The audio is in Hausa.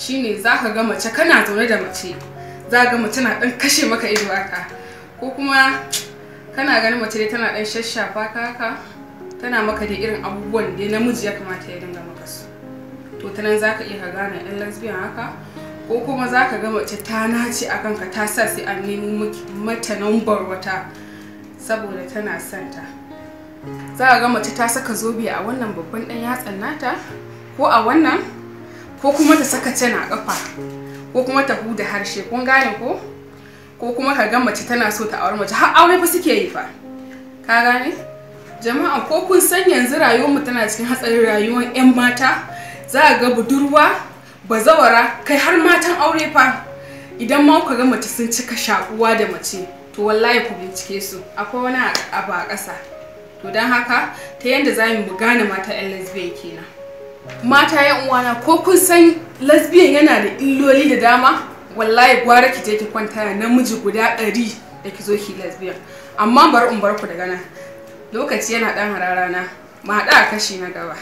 shine za ka ga mace kana zaune da mace za ga mace na ɗan kashe maka ido haka ko kuma kana ganin mace dai tana ɗan shashafa ka haka tana maka da irin abubuwan da namiji ya kamata ya dinga maka su to ta nan za ka iya ka gane ɗan lesbian haka ko kuma za ka ga mace ta nace a kanka ta sa sai an nemi mata nambar wata saboda tana son za ka ga mace ta saka zobe a wannan babban ɗan yatsan nata ko a wannan ko kuma ta saka cana a kafa ko kuma ta huda harshe kun gane ko ko kuma ka ga mace tana so ta aure mace har aure ba suke yi fa ka gane jama'a ko kun san yanzu rayuwar mu tana cikin hatsarin rayuwar yan mata za ga budurwa bazawara kai har matan aure fa idan ma ka ga mace sun cika shakuwa da mace to wallahi ku bincike su akwai wani abu a ƙasa to don haka ta yanda za mu gane mata yan lesbian kenan mata yan uwana ko kun san lesbian yana da illoli da dama wallahi gwara ki je ki kwanta da namiji guda ɗari da ki zo ki lesbian amma bar in bar ku da gana lokaci yana ɗan hararana ma a kashi na gaba